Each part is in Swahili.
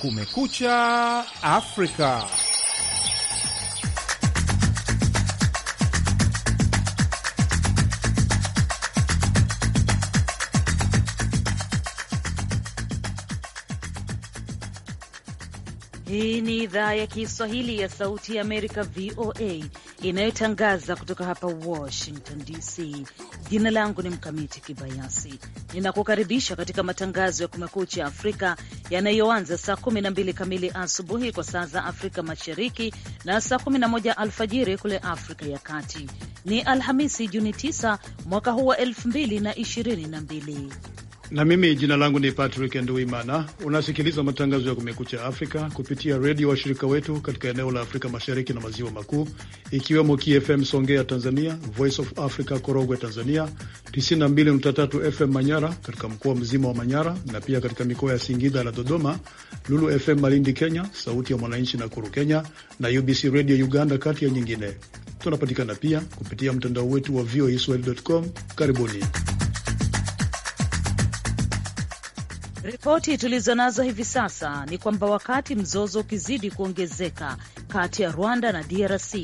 Kumekucha Afrika. Hii ni idhaa ya Kiswahili ya Sauti ya Amerika, VOA, inayotangaza kutoka hapa Washington DC. Jina langu ni Mkamiti Kibayasi, ninakukaribisha katika matangazo ya Kumekucha Afrika yanayoanza saa 12 kamili asubuhi kwa saa za Afrika Mashariki na saa 11 alfajiri kule Afrika ya Kati. Ni Alhamisi, Juni 9 mwaka huu wa 2022 na mimi jina langu ni Patrick Nduimana. Unasikiliza matangazo ya Kumekucha Afrika kupitia redio washirika wetu katika eneo la Afrika Mashariki na Maziwa Makuu, ikiwemo KFM Songea Tanzania, Voice of Africa Korogwe Tanzania, 92.3 FM Manyara katika mkoa mzima wa Manyara na pia katika mikoa ya Singida na Dodoma, Lulu FM Malindi Kenya, Sauti ya Mwananchi Nakuru Kenya na UBC Radio Uganda, kati ya nyingine. Tunapatikana pia kupitia mtandao wetu wa voaswahili.com. Karibuni. Ripoti tulizonazo hivi sasa ni kwamba wakati mzozo ukizidi kuongezeka kati ya Rwanda na DRC,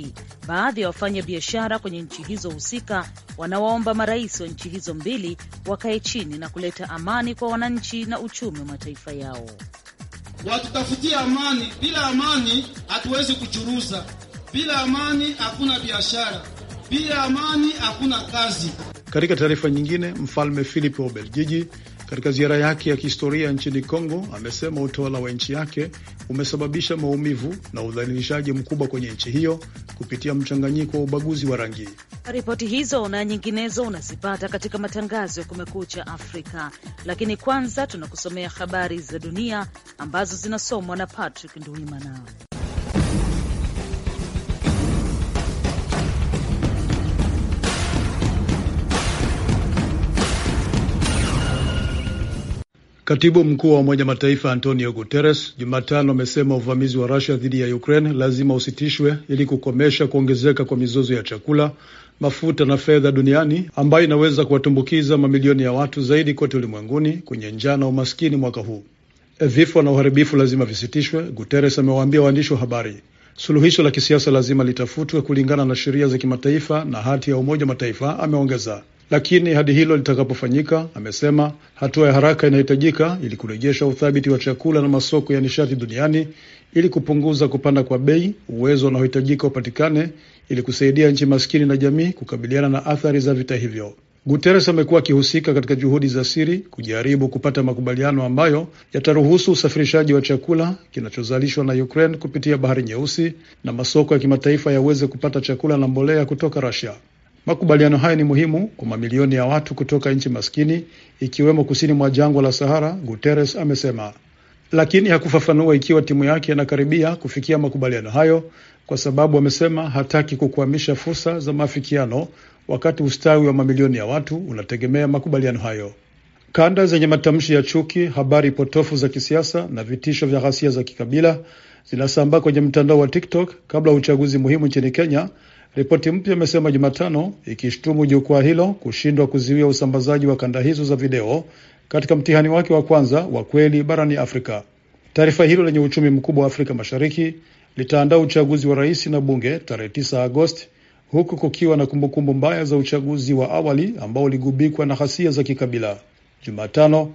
baadhi ya wafanya biashara kwenye nchi hizo husika wanawaomba marais wa nchi hizo mbili wakae chini na kuleta amani kwa wananchi na uchumi wa mataifa yao. Watutafutie amani. Bila amani hatuwezi kuchuruza, bila amani hakuna biashara, bila amani hakuna kazi. Katika taarifa nyingine, mfalme Philip wa Ubeljiji katika ziara yake ya kihistoria nchini Kongo, amesema utawala wa nchi yake umesababisha maumivu na udhalilishaji mkubwa kwenye nchi hiyo kupitia mchanganyiko wa ubaguzi wa rangi. Ripoti hizo na nyinginezo unazipata katika matangazo ya Kumekucha Afrika, lakini kwanza tunakusomea habari za dunia ambazo zinasomwa na Patrick Nduimana. Katibu mkuu wa Umoja Mataifa Antonio Guterres Jumatano amesema uvamizi wa Rusia dhidi ya Ukraine lazima usitishwe ili kukomesha kuongezeka kwa mizozo ya chakula, mafuta na fedha duniani ambayo inaweza kuwatumbukiza mamilioni ya watu zaidi kote ulimwenguni kwenye njaa na umaskini mwaka huu. Vifo na uharibifu lazima visitishwe, Guterres amewaambia waandishi wa habari. Suluhisho la kisiasa lazima litafutwe kulingana na sheria za kimataifa na hati ya Umoja Mataifa, ameongeza lakini hadi hilo litakapofanyika, amesema hatua ya haraka inahitajika ili kurejesha uthabiti wa chakula na masoko ya nishati duniani ili kupunguza kupanda kwa bei. Uwezo unaohitajika upatikane ili kusaidia nchi maskini na jamii kukabiliana na athari za vita hivyo. Guterres amekuwa akihusika katika juhudi za siri kujaribu kupata makubaliano ambayo yataruhusu usafirishaji wa chakula kinachozalishwa na Ukraine kupitia Bahari Nyeusi na masoko ya kimataifa yaweze kupata chakula na mbolea kutoka Russia. Makubaliano haya ni muhimu kwa mamilioni ya watu kutoka nchi maskini ikiwemo kusini mwa jangwa la Sahara, Guterres amesema, lakini hakufafanua ikiwa timu yake inakaribia kufikia makubaliano hayo, kwa sababu amesema hataki kukwamisha fursa za maafikiano wakati ustawi wa mamilioni ya watu unategemea makubaliano hayo. Kanda zenye matamshi ya chuki, habari potofu za kisiasa na vitisho vya ghasia za kikabila zinasambaa kwenye mtandao wa TikTok kabla ya uchaguzi muhimu nchini Kenya Ripoti mpya imesema Jumatano, ikishtumu jukwaa hilo kushindwa kuzuia usambazaji wa kanda hizo za video katika mtihani wake wa kwanza wa kweli barani Afrika. Taifa hilo lenye uchumi mkubwa wa Afrika Mashariki litaandaa uchaguzi wa rais na bunge tarehe 9 Agosti, huku kukiwa na kumbukumbu mbaya za uchaguzi wa awali ambao uligubikwa na ghasia za kikabila. Jumatano,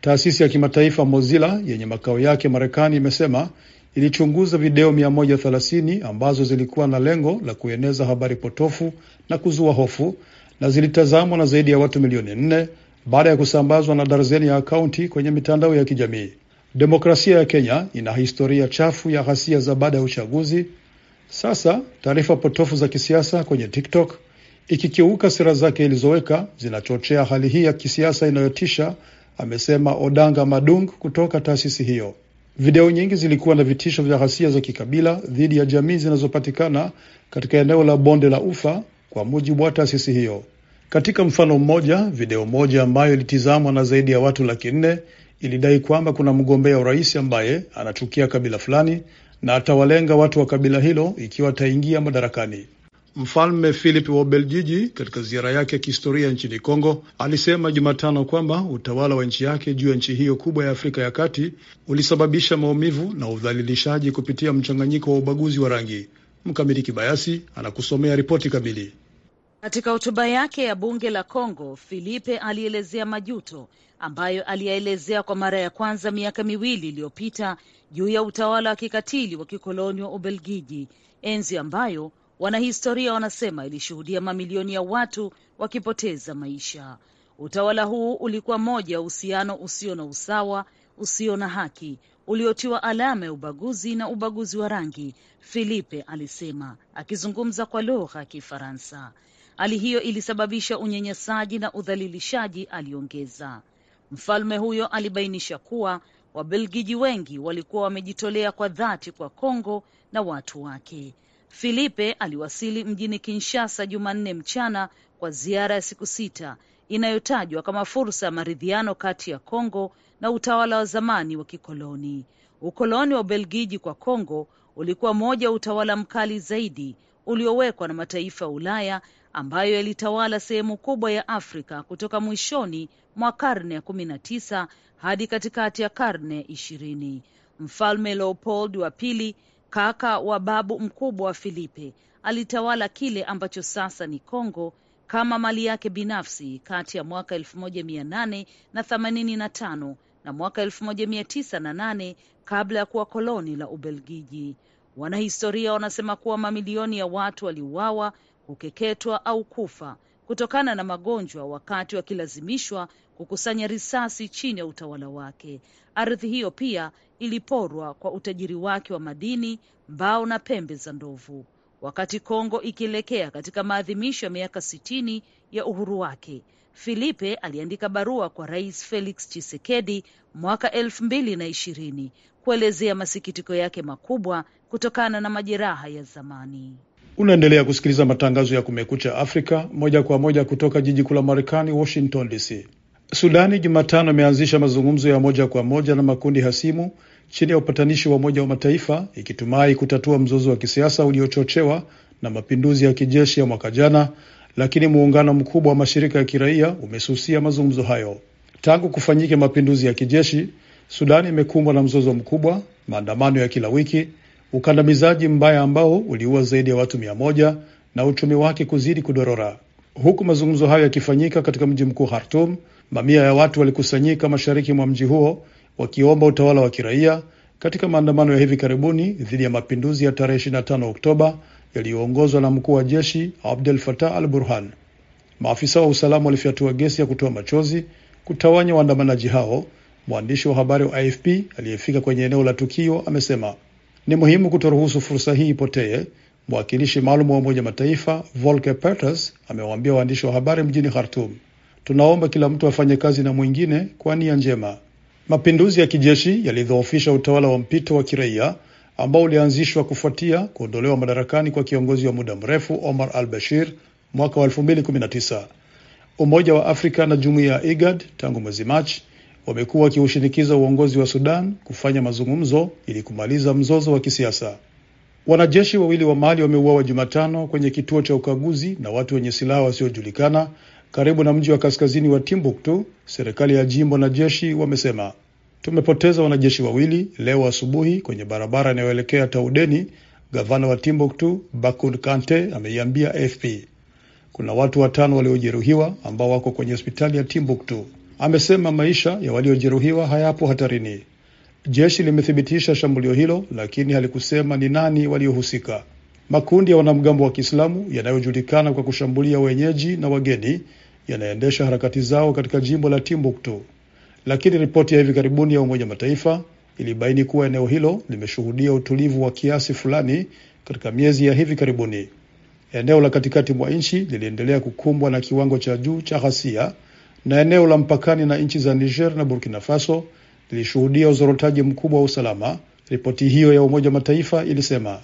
taasisi ya kimataifa Mozilla yenye makao yake Marekani imesema ilichunguza video 130 ambazo zilikuwa na lengo la kueneza habari potofu na kuzua hofu na zilitazamwa na zaidi ya watu milioni nne baada ya kusambazwa na darzeni ya akaunti kwenye mitandao ya kijamii. Demokrasia ya Kenya ina historia chafu ya ghasia za baada ya uchaguzi. Sasa taarifa potofu za kisiasa kwenye TikTok ikikiuka sera zake ilizoweka zinachochea hali hii ya kisiasa inayotisha, amesema Odanga Madung kutoka taasisi hiyo. Video nyingi zilikuwa na vitisho vya ghasia za kikabila dhidi ya jamii zinazopatikana katika eneo la bonde la Ufa, kwa mujibu wa taasisi hiyo. Katika mfano mmoja, video moja ambayo ilitizamwa na zaidi ya watu laki nne ilidai kwamba kuna mgombea urais ambaye anachukia kabila fulani na atawalenga watu wa kabila hilo ikiwa ataingia madarakani. Mfalme Philip wa Ubeljiji katika ziara yake ya kihistoria nchini Kongo alisema Jumatano kwamba utawala wa nchi yake juu ya nchi hiyo kubwa ya Afrika ya Kati ulisababisha maumivu na udhalilishaji kupitia mchanganyiko wa ubaguzi wa rangi. Mkamili Kibayasi anakusomea ripoti kamili. Katika hotuba yake ya bunge la Kongo, Filipe alielezea majuto ambayo aliyaelezea kwa mara ya kwanza miaka miwili iliyopita juu ya utawala wa kikatili wa kikoloni wa Ubelgiji, enzi ambayo Wanahistoria wanasema ilishuhudia mamilioni ya watu wakipoteza maisha. Utawala huu ulikuwa moja ya uhusiano usio na usawa, usio na haki, uliotiwa alama ya ubaguzi na ubaguzi wa rangi, Filipe alisema akizungumza kwa lugha ya Kifaransa. Hali hiyo ilisababisha unyanyasaji na udhalilishaji, aliongeza. Mfalme huyo alibainisha kuwa Wabelgiji wengi walikuwa wamejitolea kwa dhati kwa Kongo na watu wake, Filipe aliwasili mjini Kinshasa Jumanne mchana kwa ziara ya siku sita inayotajwa kama fursa ya maridhiano kati ya Kongo na utawala wa zamani wa kikoloni. Ukoloni wa Ubelgiji kwa Kongo ulikuwa moja wa utawala mkali zaidi uliowekwa na mataifa ya Ulaya ambayo yalitawala sehemu kubwa ya Afrika kutoka mwishoni mwa karne ya kumi na tisa hadi katikati ya karne ishirini. Mfalme Leopold wa pili kaka wa babu mkubwa wa Filipe, alitawala kile ambacho sasa ni Kongo kama mali yake binafsi kati ya mwaka 1885 na na mwaka 1908 kabla ya kuwa koloni la Ubelgiji. Wanahistoria wanasema kuwa mamilioni ya watu waliuawa, kukeketwa au kufa kutokana na magonjwa wakati wakilazimishwa kukusanya risasi chini ya utawala wake. Ardhi hiyo pia iliporwa kwa utajiri wake wa madini, mbao na pembe za ndovu. Wakati Kongo ikielekea katika maadhimisho ya miaka 60 ya uhuru wake, Filipe aliandika barua kwa Rais Felix Tshisekedi mwaka elfu mbili na ishirini kuelezea masikitiko yake makubwa kutokana na majeraha ya zamani. Unaendelea kusikiliza matangazo ya Kumekucha Afrika moja kwa moja kutoka jiji kuu la Marekani, Washington DC. Sudani Jumatano imeanzisha mazungumzo ya moja kwa moja na makundi hasimu chini ya upatanishi wa Umoja wa Mataifa ikitumai kutatua mzozo wa kisiasa uliochochewa na mapinduzi ya kijeshi ya mwaka jana, lakini muungano mkubwa wa mashirika ya kiraia umesusia mazungumzo hayo. Tangu kufanyike mapinduzi ya kijeshi, Sudani imekumbwa na mzozo mkubwa, maandamano ya kila wiki, ukandamizaji mbaya ambao uliua zaidi ya watu mia moja na uchumi wake kuzidi kudorora. Huku mazungumzo hayo yakifanyika katika mji mkuu Khartum, mamia ya watu walikusanyika mashariki mwa mji huo wakiomba utawala wa kiraia katika maandamano ya hivi karibuni dhidi ya mapinduzi ya tarehe 25 Oktoba yaliyoongozwa na mkuu wa jeshi Abdel Fattah al-Burhan. Maafisa wa usalama walifyatua gesi ya kutoa machozi kutawanya waandamanaji hao. Mwandishi wa habari wa AFP aliyefika kwenye eneo la tukio amesema ni muhimu kutoruhusu fursa hii ipotee. Mwakilishi maalum wa Umoja Mataifa Volker Perthes amewaambia waandishi wa habari mjini Khartoum, tunaomba kila mtu afanye kazi na mwingine kwa nia njema. Mapinduzi ya kijeshi yalidhoofisha utawala wa mpito wa kiraia ambao ulianzishwa kufuatia kuondolewa madarakani kwa kiongozi wa muda mrefu Omar al Bashir mwaka wa 2019. Umoja wa Afrika na jumuiya ya IGAD tangu mwezi Machi wamekuwa wakiushinikiza uongozi wa Sudan kufanya mazungumzo ili kumaliza mzozo wa kisiasa. Wanajeshi wawili wa Mali wameuawa Jumatano kwenye kituo cha ukaguzi na watu wenye silaha wasiojulikana karibu na mji wa kaskazini wa Timbuktu, serikali ya jimbo na jeshi wamesema. Tumepoteza wanajeshi wawili leo asubuhi kwenye barabara inayoelekea Taudeni, gavana wa Timbuktu Bakun Kante ameiambia AFP. Kuna watu watano waliojeruhiwa ambao wako kwenye hospitali ya Timbuktu. Amesema maisha ya waliojeruhiwa hayapo hatarini. Jeshi limethibitisha shambulio hilo, lakini halikusema ni nani waliohusika. Makundi ya wanamgambo wa Kiislamu yanayojulikana kwa kushambulia wenyeji na wageni yanaendesha harakati zao katika jimbo la Timbuktu, lakini ripoti ya hivi karibuni ya Umoja Mataifa ilibaini kuwa eneo hilo limeshuhudia utulivu wa kiasi fulani katika miezi ya hivi karibuni. Eneo la katikati mwa nchi liliendelea kukumbwa na kiwango cha juu cha ghasia na eneo la mpakani na nchi za Niger na Burkina Faso lilishuhudia uzorotaji mkubwa wa usalama, ripoti hiyo ya Umoja Mataifa ilisema.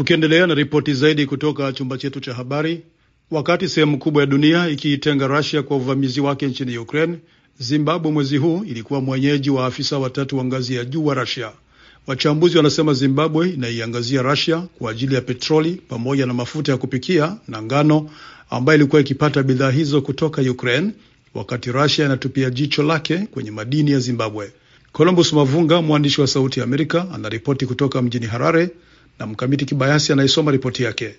Tukiendelea na ripoti zaidi kutoka chumba chetu cha habari. Wakati sehemu kubwa ya dunia ikiitenga rasia kwa uvamizi wake nchini Ukraine, Zimbabwe mwezi huu ilikuwa mwenyeji wa afisa watatu wa ngazi ya juu wa rasia Wachambuzi wanasema Zimbabwe inaiangazia rasia kwa ajili ya petroli pamoja na mafuta ya kupikia na ngano ambayo ilikuwa ikipata bidhaa hizo kutoka Ukraine, wakati rasia inatupia jicho lake kwenye madini ya Zimbabwe. Columbus Mavunga, mwandishi wa Sauti ya Amerika, anaripoti kutoka mjini Harare na Mkamiti Kibayasi anaisoma ripoti yake.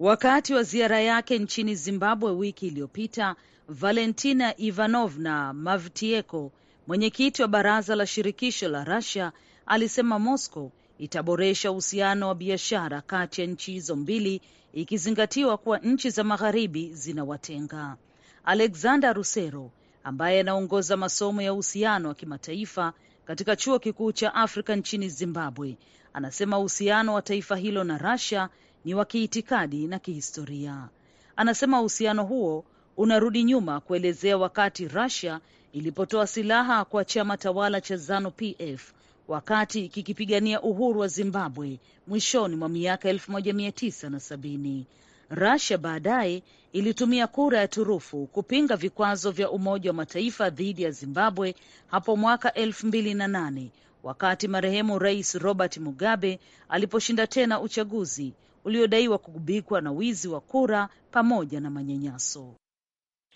Wakati wa ziara yake nchini Zimbabwe wiki iliyopita, Valentina Ivanovna Mavtieko, mwenyekiti wa baraza la shirikisho la Russia, alisema Moscow itaboresha uhusiano wa biashara kati ya nchi hizo mbili, ikizingatiwa kuwa nchi za magharibi zinawatenga. Alexander Rusero ambaye anaongoza masomo ya uhusiano wa kimataifa katika chuo kikuu cha Afrika nchini Zimbabwe Anasema uhusiano wa taifa hilo na Russia ni wa kiitikadi na kihistoria. Anasema uhusiano huo unarudi nyuma kuelezea wakati Russia ilipotoa silaha kwa chama tawala cha ZANU-PF wakati kikipigania uhuru wa Zimbabwe mwishoni mwa miaka 1970. Russia baadaye ilitumia kura ya turufu kupinga vikwazo vya Umoja wa Mataifa dhidi ya Zimbabwe hapo mwaka 2008 wakati marehemu Rais Robert Mugabe aliposhinda tena uchaguzi uliodaiwa kugubikwa na wizi wa kura pamoja na manyanyaso.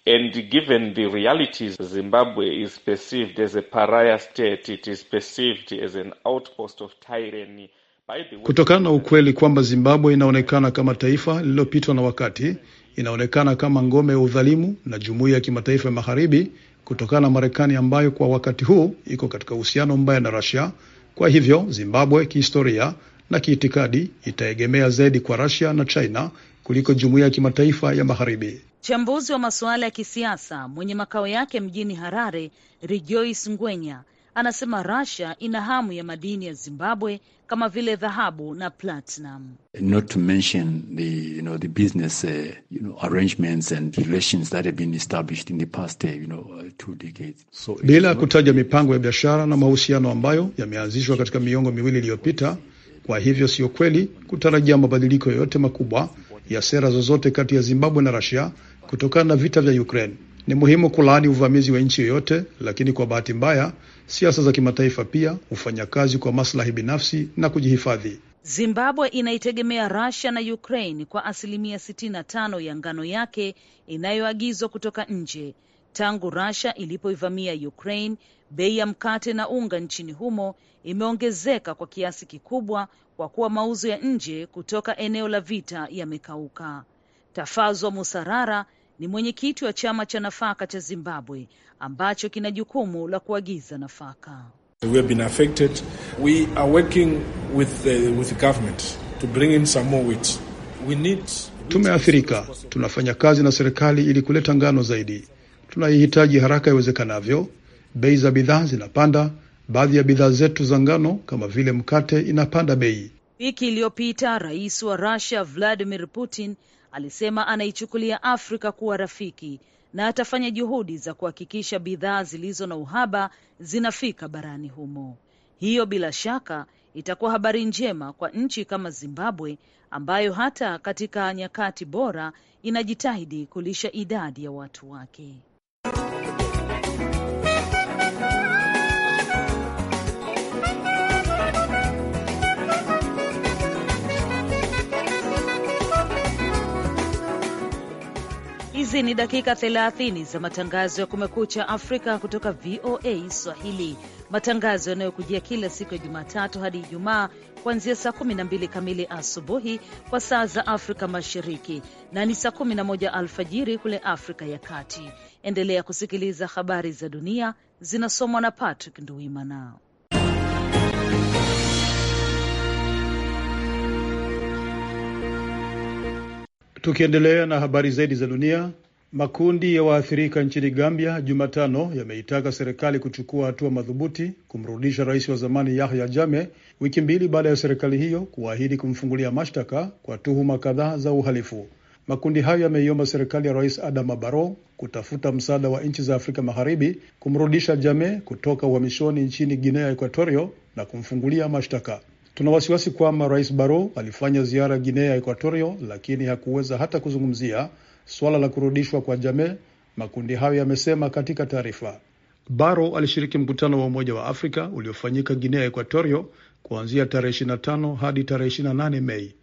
And given the realities, Zimbabwe is perceived as a pariah state. It is perceived as an outpost of tyranny. Kutokana na ukweli kwamba Zimbabwe inaonekana kama taifa lililopitwa na wakati, inaonekana kama ngome ya udhalimu na jumuiya ya kimataifa ya magharibi kutokana na Marekani ambayo kwa wakati huu iko katika uhusiano mbaya na Russia. Kwa hivyo Zimbabwe kihistoria na kiitikadi itaegemea zaidi kwa Russia na China kuliko jumuiya ya kimataifa ya Magharibi. Mchambuzi wa masuala ya kisiasa mwenye makao yake mjini Harare, Rejoice Ngwenya anasema Russia ina hamu ya madini ya Zimbabwe kama vile dhahabu na platinum. Not to mention the, you know, the business, uh, you know, arrangements and relations that have been established in the past, uh, you know, uh, two decades. So bila kutaja mipango ya biashara na mahusiano ambayo yameanzishwa katika miongo miwili iliyopita. Kwa hivyo sio kweli kutarajia mabadiliko yoyote makubwa ya sera zozote kati ya Zimbabwe na Russia kutokana na vita vya Ukraine. Ni muhimu kulaani uvamizi wa nchi yoyote, lakini kwa bahati mbaya siasa za kimataifa pia hufanya kazi kwa maslahi binafsi na kujihifadhi. Zimbabwe inaitegemea Russia na Ukraine kwa asilimia 65 ya ngano yake inayoagizwa kutoka nje. Tangu Russia ilipoivamia Ukraine, bei ya mkate na unga nchini humo imeongezeka kwa kiasi kikubwa, kwa kuwa mauzo ya nje kutoka eneo la vita yamekauka. Tafazwa Musarara ni mwenyekiti wa chama cha nafaka cha Zimbabwe ambacho kina jukumu la kuagiza nafaka. Tumeathirika, tunafanya kazi na serikali ili kuleta ngano zaidi. Tunaihitaji haraka iwezekanavyo. Bei za bidhaa zinapanda. Baadhi ya bidhaa zetu za ngano kama vile mkate inapanda bei. Wiki iliyopita rais wa Russia Vladimir Putin alisema anaichukulia Afrika kuwa rafiki na atafanya juhudi za kuhakikisha bidhaa zilizo na uhaba zinafika barani humo. Hiyo bila shaka itakuwa habari njema kwa nchi kama Zimbabwe ambayo hata katika nyakati bora inajitahidi kulisha idadi ya watu wake. Hizi ni dakika 30 za matangazo ya Kumekucha Afrika kutoka VOA Swahili, matangazo yanayokujia kila siku ya Jumatatu hadi Ijumaa kuanzia saa 12 kamili asubuhi kwa saa za Afrika Mashariki na ni saa 11 alfajiri kule Afrika ya Kati. Endelea kusikiliza habari za dunia zinasomwa na Patrick Nduwimana. Tukiendelea na habari zaidi za dunia, makundi ya waathirika nchini Gambia Jumatano yameitaka serikali kuchukua hatua madhubuti kumrudisha rais wa zamani Yahya jame wiki mbili baada ya serikali hiyo kuahidi kumfungulia mashtaka kwa tuhuma kadhaa za uhalifu. Makundi hayo yameiomba serikali ya rais Adama Barrow kutafuta msaada wa nchi za Afrika Magharibi kumrudisha jame kutoka uhamishoni nchini Guinea Equatorio na kumfungulia mashtaka. Tuna wasiwasi kwamba Rais Barrow alifanya ziara Guinea Equatorio, lakini hakuweza hata kuzungumzia swala la kurudishwa kwa Jame, makundi hayo yamesema katika taarifa. Barrow alishiriki mkutano wa Umoja wa Afrika uliofanyika Guinea Equatorio kuanzia tarehe 25 hadi tarehe 28 Mei.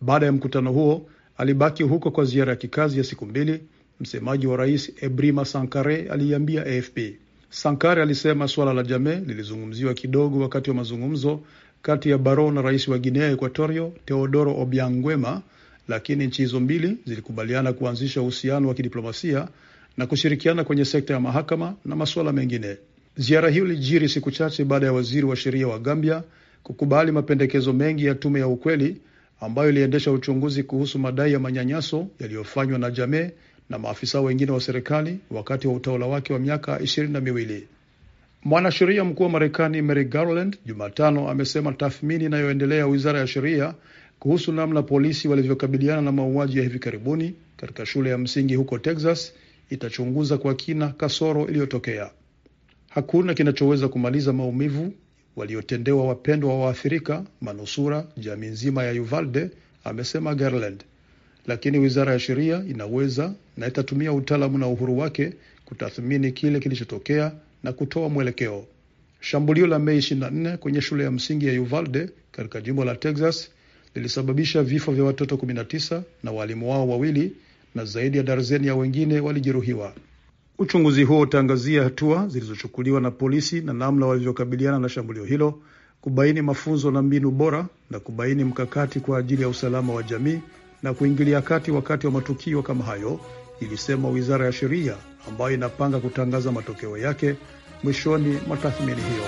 Baada ya mkutano huo alibaki huko kwa ziara ya kikazi ya siku mbili. Msemaji wa rais Ebrima Sankare aliiambia AFP. Sankare alisema suala la Jame lilizungumziwa kidogo wakati wa mazungumzo, kati ya Barrow na rais wa Guinea Equatorio Teodoro Obiang Nguema, lakini nchi hizo mbili zilikubaliana kuanzisha uhusiano wa kidiplomasia na kushirikiana kwenye sekta ya mahakama na masuala mengine. Ziara hiyo ilijiri siku chache baada ya waziri wa sheria wa Gambia kukubali mapendekezo mengi ya tume ya ukweli ambayo iliendesha uchunguzi kuhusu madai ya manyanyaso yaliyofanywa na jame na maafisa wengine wa serikali wakati wa utawala wake wa miaka ishirini na miwili. Mwanasheria mkuu wa Marekani mary Garland Jumatano amesema tathmini inayoendelea wizara ya sheria kuhusu namna polisi walivyokabiliana na mauaji ya hivi karibuni katika shule ya msingi huko Texas itachunguza kwa kina kasoro iliyotokea. Hakuna kinachoweza kumaliza maumivu waliotendewa wapendwa wa waathirika, manusura, jamii nzima ya Uvalde, amesema Garland, lakini wizara ya sheria inaweza na itatumia utaalamu na uhuru wake kutathmini kile kilichotokea na kutoa mwelekeo. Shambulio la Mei 24 kwenye shule ya msingi ya Uvalde katika jimbo la Texas lilisababisha vifo vya watoto 19 na walimu wao wawili na zaidi ya darzeni ya wengine walijeruhiwa. Uchunguzi huo utaangazia hatua zilizochukuliwa na polisi na namna walivyokabiliana na shambulio hilo, kubaini mafunzo na mbinu bora, na kubaini mkakati kwa ajili ya usalama wa jamii na kuingilia kati wakati wa matukio kama hayo ilisema wizara ya sheria ambayo inapanga kutangaza matokeo yake mwishoni mwa tathmini hiyo.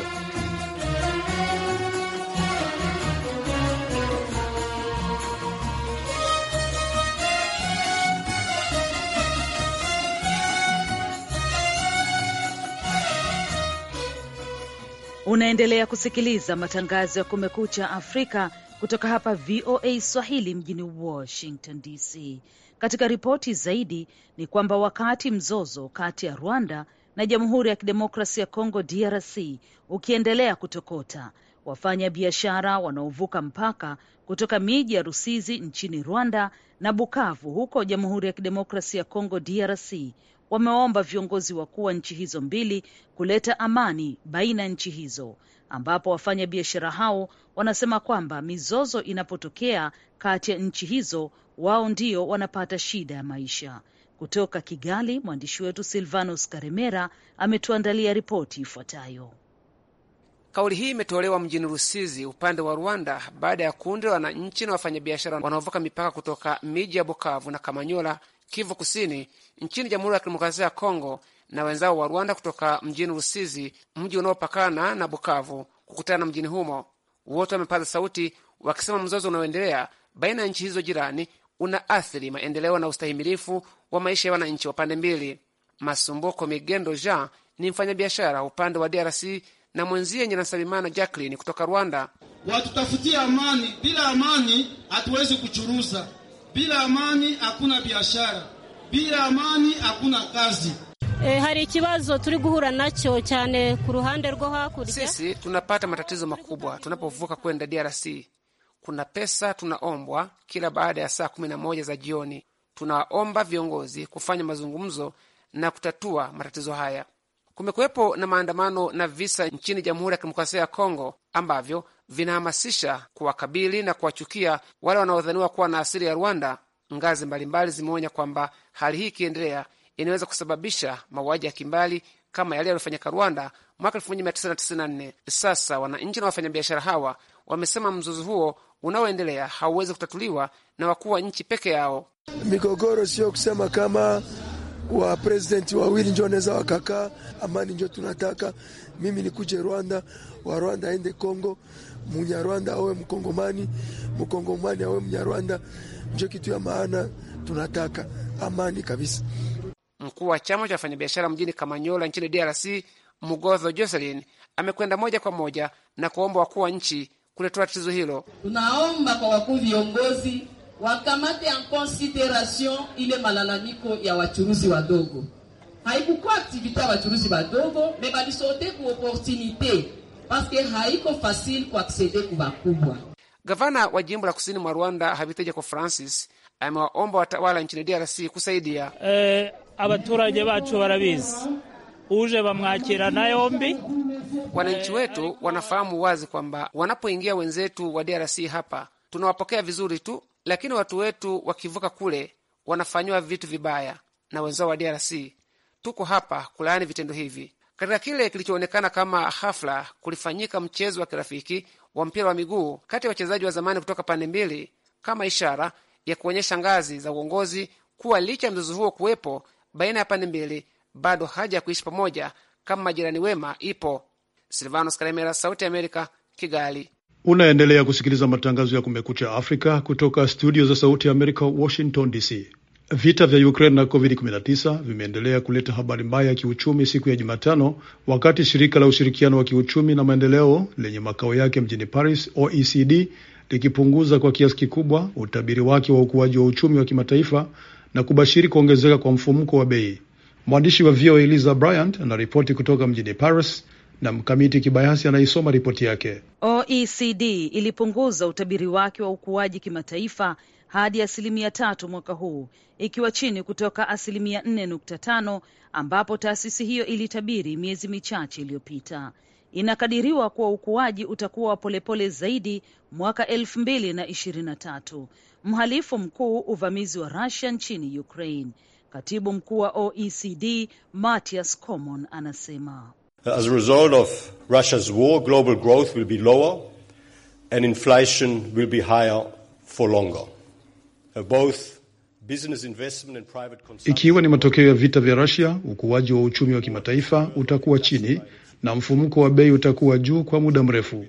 Unaendelea kusikiliza matangazo ya Kumekucha Afrika kutoka hapa VOA Swahili mjini Washington DC. Katika ripoti zaidi ni kwamba wakati mzozo kati ya Rwanda na Jamhuri ya Kidemokrasia ya Kongo DRC ukiendelea kutokota, wafanya biashara wanaovuka mpaka kutoka miji ya Rusizi nchini Rwanda na Bukavu huko Jamhuri ya Kidemokrasia ya Kongo DRC wamewaomba viongozi wakuu wa nchi hizo mbili kuleta amani baina ya nchi hizo, ambapo wafanyabiashara hao wanasema kwamba mizozo inapotokea kati ya nchi hizo wao ndio wanapata shida ya maisha. Kutoka Kigali, mwandishi wetu Silvanus Karemera ametuandalia ripoti ifuatayo. Kauli hii imetolewa mjini Rusizi upande wa Rwanda baada ya kundi la wananchi na wafanyabiashara wanaovuka mipaka kutoka miji ya Bukavu na Kamanyola, Kivu Kusini, nchini Jamhuri ya Kidemokrasia ya Kongo na wenzao wa Rwanda kutoka mjini Rusizi, mji unaopakana na Bukavu, kukutana mjini humo. Wote wamepaza sauti wakisema mzozo unaoendelea baina ya nchi hizo jirani unaathiri maendeleo na ustahimilifu wa maisha ya wananchi wa pande mbili. Masumbuko Migendo Jean ni mfanyabiashara upande wa DRC na mwenzie Nyiransalimana Jacqueline kutoka Rwanda. Watutafutia amani, bila amani hatuwezi kuchuruza, bila amani hakuna biashara, bila amani hakuna kazi. E, hari ikibazo turi guhura nacho cyane ku ruhande rwo hakurya. Sisi tunapata matatizo makubwa tunapovuka kwenda DRC kuna pesa tunaombwa kila baada ya saa kumi na moja za jioni. Tunawaomba viongozi kufanya mazungumzo na kutatua matatizo haya. Kumekuwepo na maandamano na visa nchini Jamhuri ya Kidemokrasia ya Kongo ambavyo vinahamasisha kuwakabili na kuwachukia wale wanaodhaniwa kuwa na asili ya Rwanda. Ngazi mbalimbali zimeonya kwamba hali hii ikiendelea inaweza kusababisha mauaji ya kimbali kama yale yaliyofanyika Rwanda mwaka 1994. Sasa wananchi na wafanyabiashara hawa wamesema mzozo huo unaoendelea hauwezi kutatuliwa na wakuu wa nchi peke yao. Migogoro sio kusema kama wa presidenti wawili njo wanaweza wakakaa amani, njo tunataka. Mimi nikuje Rwanda, wa Rwanda aende Kongo, Munyarwanda awe Mkongomani, Mkongomani awe Mnyarwanda, njo kitu ya maana. Tunataka amani kabisa. Mkuu wa chama cha wafanyabiashara mjini Kamanyola nchini DRC, Mugodho Joselin, amekwenda moja kwa moja na kuomba wakuu wa nchi kuletoa tatizo hilo. Tunaomba kwa wakuu viongozi wakamate en consideration ile malalamiko ya wachuruzi wadogo. Haikukuwa aktivite wachuruzi wadogo mebalisote balisote ku opportunite paske haiko fasile ku aksede ku bakubwa. Gavana wa jimbo la kusini mwa Rwanda Habiteja kwa Francis amewaomba watawala nchini DRC kusaidia eh, abaturage bacu barabizi uje bamwakirana yombi Wananchi wetu wanafahamu wazi kwamba wanapoingia wenzetu wa DRC hapa tunawapokea vizuri tu, lakini watu wetu wakivuka kule wanafanyiwa vitu vibaya na wenzao wa DRC. Tuko hapa kulaani vitendo hivi. Katika kile kilichoonekana kama hafla, kulifanyika mchezo wa kirafiki wa mpira wa miguu kati ya wachezaji wa zamani kutoka pande mbili, kama ishara ya kuonyesha ngazi za uongozi kuwa licha ya mzozo huo kuwepo baina ya pande mbili, bado haja ya kuishi pamoja kama majirani wema ipo. Silvanos Karemera, Sauti ya Amerika, Kigali. Unaendelea kusikiliza matangazo ya Kumekucha Afrika kutoka studio za Sauti ya Amerika, Washington DC. Vita vya Ukraine na COVID-19 vimeendelea kuleta habari mbaya ya kiuchumi siku ya Jumatano, wakati shirika la ushirikiano wa kiuchumi na maendeleo lenye makao yake mjini Paris, OECD, likipunguza kwa kiasi kikubwa utabiri wake wa ukuaji wa uchumi wa kimataifa na kubashiri kuongezeka kwa mfumuko wa bei. Mwandishi wa VOA Eliza Bryant anaripoti kutoka mjini Paris na Mkamiti Kibayasi anaisoma ripoti yake. OECD ilipunguza utabiri wake wa ukuaji kimataifa hadi asilimia tatu mwaka huu ikiwa chini kutoka asilimia nne nukta tano ambapo taasisi hiyo ilitabiri miezi michache iliyopita. Inakadiriwa kuwa ukuaji utakuwa wa polepole zaidi mwaka elfu mbili na ishirini na tatu. Mhalifu mkuu uvamizi wa Rusia nchini Ukraine. Katibu mkuu wa OECD Matias Common anasema As a result of Russia's war, global growth will be lower and inflation will be higher for longer. Uh, both business investment and private consumption. Ikiwa ni matokeo ya vita vya Russia, ukuaji wa uchumi wa kimataifa utakuwa chini na mfumuko wa bei utakuwa juu kwa muda mrefu.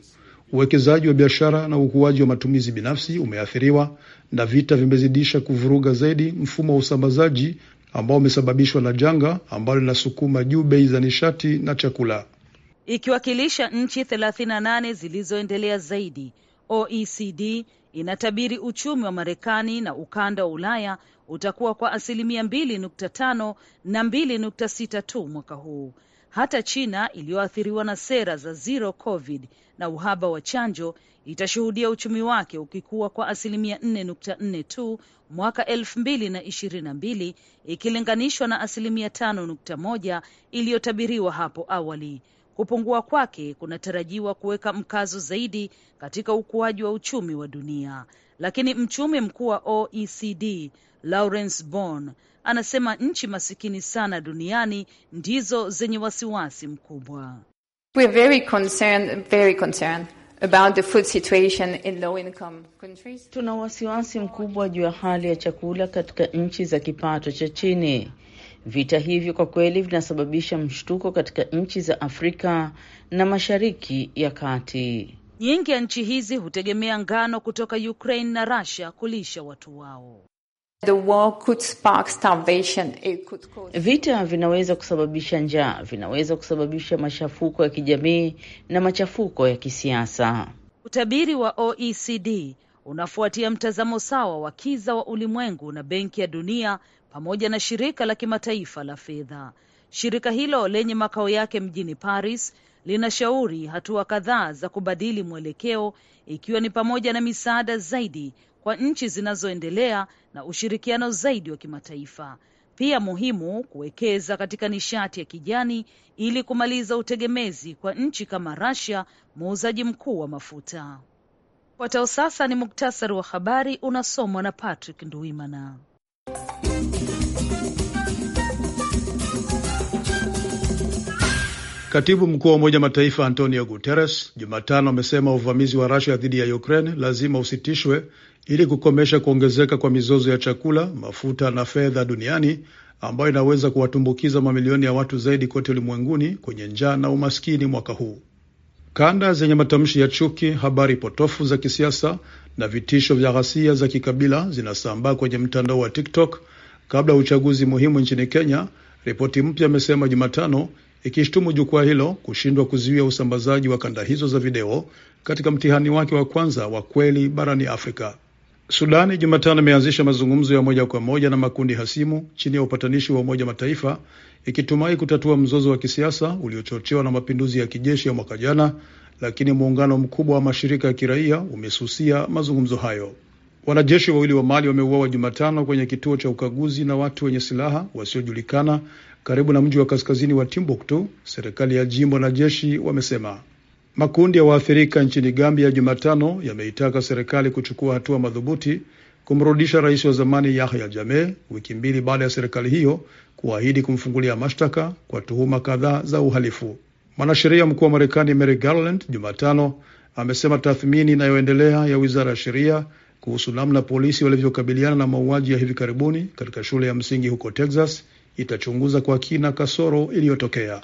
Uwekezaji wa biashara na ukuaji wa matumizi binafsi umeathiriwa, na vita vimezidisha kuvuruga zaidi mfumo wa usambazaji ambao umesababishwa na janga ambalo linasukuma juu bei za nishati na chakula. Ikiwakilisha nchi 38 zilizoendelea zaidi, OECD inatabiri uchumi wa Marekani na ukanda wa Ulaya utakuwa kwa asilimia 2.5 na 2.6 tu mwaka huu hata China iliyoathiriwa na sera za zero covid na uhaba wa chanjo itashuhudia uchumi wake ukikuwa kwa asilimia 4.4 tu mwaka 2022 ikilinganishwa na asilimia 5.1 iliyotabiriwa hapo awali. Kupungua kwake kunatarajiwa kuweka mkazo zaidi katika ukuaji wa uchumi wa dunia, lakini mchumi mkuu wa OECD Lawrence Bourne anasema nchi masikini sana duniani ndizo zenye wasiwasi mkubwa. We're very concerned, very concerned. About the food situation in low income countries. Tuna wasiwasi mkubwa juu ya hali ya chakula katika nchi za kipato cha chini. Vita hivyo kwa kweli vinasababisha mshtuko katika nchi za Afrika na Mashariki ya Kati. Nyingi ya nchi hizi hutegemea ngano kutoka Ukraine na Russia kulisha watu wao. The war could spark starvation. It could cause... Vita vinaweza kusababisha njaa, vinaweza kusababisha machafuko ya kijamii na machafuko ya kisiasa. Utabiri wa OECD unafuatia mtazamo sawa wa kiza wa ulimwengu na Benki ya Dunia pamoja na shirika la kimataifa la fedha. Shirika hilo lenye makao yake mjini Paris linashauri hatua kadhaa za kubadili mwelekeo, ikiwa ni pamoja na misaada zaidi kwa nchi zinazoendelea na ushirikiano zaidi wa kimataifa. Pia muhimu kuwekeza katika nishati ya kijani ili kumaliza utegemezi kwa nchi kama Russia, muuzaji mkuu wa mafuta. Ufuatao sasa ni muktasari wa habari unasomwa na Patrick Nduimana. Katibu mkuu wa Umoja Mataifa Antonio Guterres Jumatano amesema uvamizi wa Russia dhidi ya Ukraine lazima usitishwe ili kukomesha kuongezeka kwa mizozo ya chakula, mafuta na fedha duniani ambayo inaweza kuwatumbukiza mamilioni ya watu zaidi kote ulimwenguni kwenye njaa na umaskini mwaka huu. Kanda zenye matamshi ya chuki, habari potofu za kisiasa na vitisho vya ghasia za kikabila zinasambaa kwenye mtandao wa TikTok kabla ya uchaguzi muhimu nchini Kenya, ripoti mpya imesema Jumatano, ikishtumu jukwaa hilo kushindwa kuzuia usambazaji wa kanda hizo za video katika mtihani wake wa kwanza wa kweli barani Afrika. Sudani Jumatano imeanzisha mazungumzo ya moja kwa moja na makundi hasimu chini ya upatanishi wa Umoja Mataifa ikitumai kutatua mzozo wa kisiasa uliochochewa na mapinduzi ya kijeshi ya mwaka jana, lakini muungano mkubwa wa mashirika ya kiraia umesusia mazungumzo hayo. Wanajeshi wawili wa Mali wameuawa Jumatano kwenye kituo cha ukaguzi na watu wenye silaha wasiojulikana karibu na mji wa kaskazini wa Timbuktu, serikali ya jimbo na jeshi wamesema. Makundi ya waathirika nchini Gambia Jumatano yameitaka serikali kuchukua hatua madhubuti kumrudisha rais wa zamani Yahya jame wiki mbili baada ya serikali hiyo kuahidi kumfungulia mashtaka kwa tuhuma kadhaa za uhalifu. Mwanasheria mkuu wa Marekani mary Garland Jumatano amesema tathmini inayoendelea ya wizara ya sheria kuhusu namna polisi walivyokabiliana na mauaji ya hivi karibuni katika shule ya msingi huko Texas itachunguza kwa kina kasoro iliyotokea.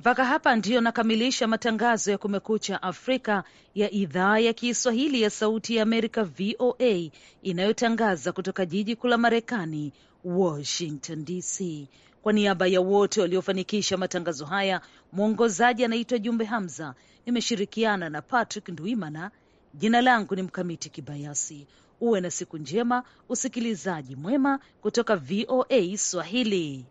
Mpaka hapa ndiyo nakamilisha matangazo ya Kumekucha Afrika ya idhaa ya Kiswahili ya Sauti ya Amerika, VOA, inayotangaza kutoka jiji kuu la Marekani, Washington DC. Kwa niaba ya wote waliofanikisha matangazo haya, mwongozaji anaitwa Jumbe Hamza, nimeshirikiana na Patrick Ndwimana. Jina langu ni Mkamiti Kibayasi. Uwe na siku njema, usikilizaji mwema kutoka VOA Swahili.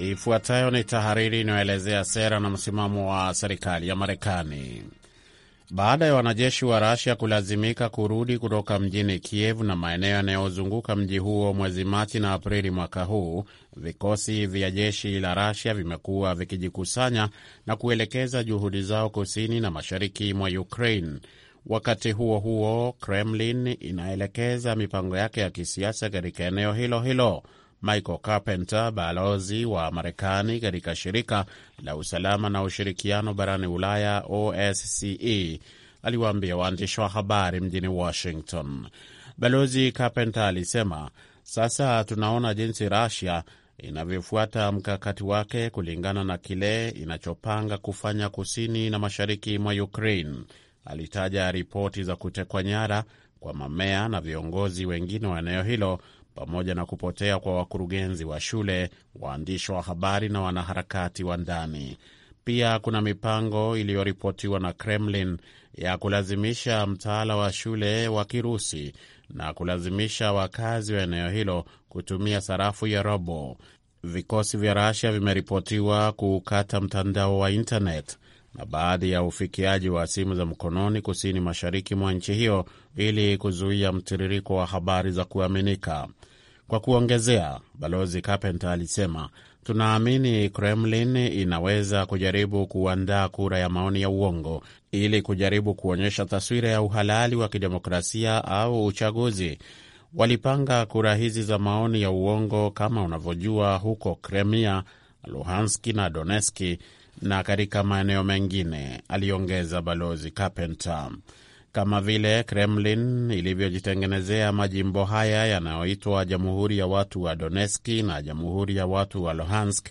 Ifuatayo ni tahariri inayoelezea sera na msimamo wa serikali ya Marekani. Baada ya wanajeshi wa Rasia kulazimika kurudi kutoka mjini Kiev na maeneo yanayozunguka mji huo mwezi Machi na Aprili mwaka huu, vikosi vya jeshi la Rasia vimekuwa vikijikusanya na kuelekeza juhudi zao kusini na mashariki mwa Ukraine. Wakati huo huo, Kremlin inaelekeza mipango yake ya kisiasa katika eneo hilo hilo. Michael Carpenter, balozi wa Marekani katika shirika la usalama na ushirikiano barani Ulaya, OSCE, aliwaambia waandishi wa habari mjini Washington. Balozi Carpenter alisema, sasa tunaona jinsi Russia inavyofuata mkakati wake kulingana na kile inachopanga kufanya kusini na mashariki mwa Ukraine. Alitaja ripoti za kutekwa nyara kwa mamea na viongozi wengine wa eneo hilo pamoja na kupotea kwa wakurugenzi wa shule, waandishi wa habari na wanaharakati wa ndani. Pia kuna mipango iliyoripotiwa na Kremlin ya kulazimisha mtaala wa shule wa Kirusi na kulazimisha wakazi wa eneo hilo kutumia sarafu ya robo. Vikosi vya Rasia vimeripotiwa kuukata mtandao wa intanet na baadhi ya ufikiaji wa simu za mkononi kusini mashariki mwa nchi hiyo ili kuzuia mtiririko wa habari za kuaminika. Kwa kuongezea, Balozi Carpenter alisema tunaamini Kremlin inaweza kujaribu kuandaa kura ya maoni ya uongo ili kujaribu kuonyesha taswira ya uhalali wa kidemokrasia au uchaguzi. Walipanga kura hizi za maoni ya uongo kama unavyojua, huko Kremia, Luhanski na Donetski na katika maeneo mengine, aliongeza Balozi Carpenter kama vile Kremlin ilivyojitengenezea majimbo haya yanayoitwa Jamhuri ya Watu wa Donetski na Jamhuri ya Watu wa Luhansk.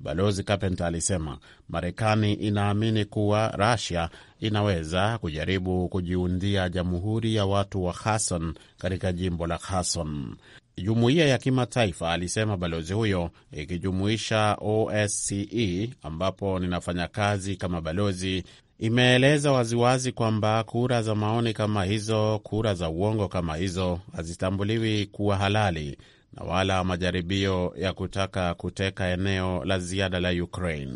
Balozi Carpenter alisema Marekani inaamini kuwa rusia inaweza kujaribu kujiundia Jamhuri ya Watu wa Kherson katika jimbo la Kherson. Jumuiya ya kimataifa, alisema balozi huyo, ikijumuisha OSCE ambapo ninafanya kazi kama balozi, imeeleza waziwazi kwamba kura za maoni kama hizo, kura za uongo kama hizo, hazitambuliwi kuwa halali na wala majaribio ya kutaka kuteka eneo la ziada la Ukraine.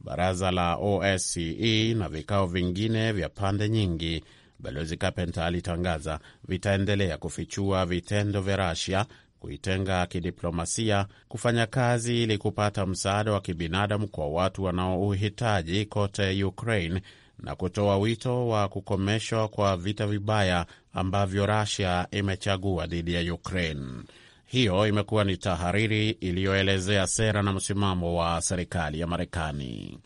Baraza la OSCE na vikao vingine vya pande nyingi, Balozi Carpenter alitangaza, vitaendelea kufichua vitendo vya Russia kuitenga kidiplomasia, kufanya kazi ili kupata msaada wa kibinadamu kwa watu wanaouhitaji kote Ukraine na kutoa wito wa kukomeshwa kwa vita vibaya ambavyo Russia imechagua dhidi ya Ukraine. Hiyo imekuwa ni tahariri iliyoelezea sera na msimamo wa serikali ya Marekani.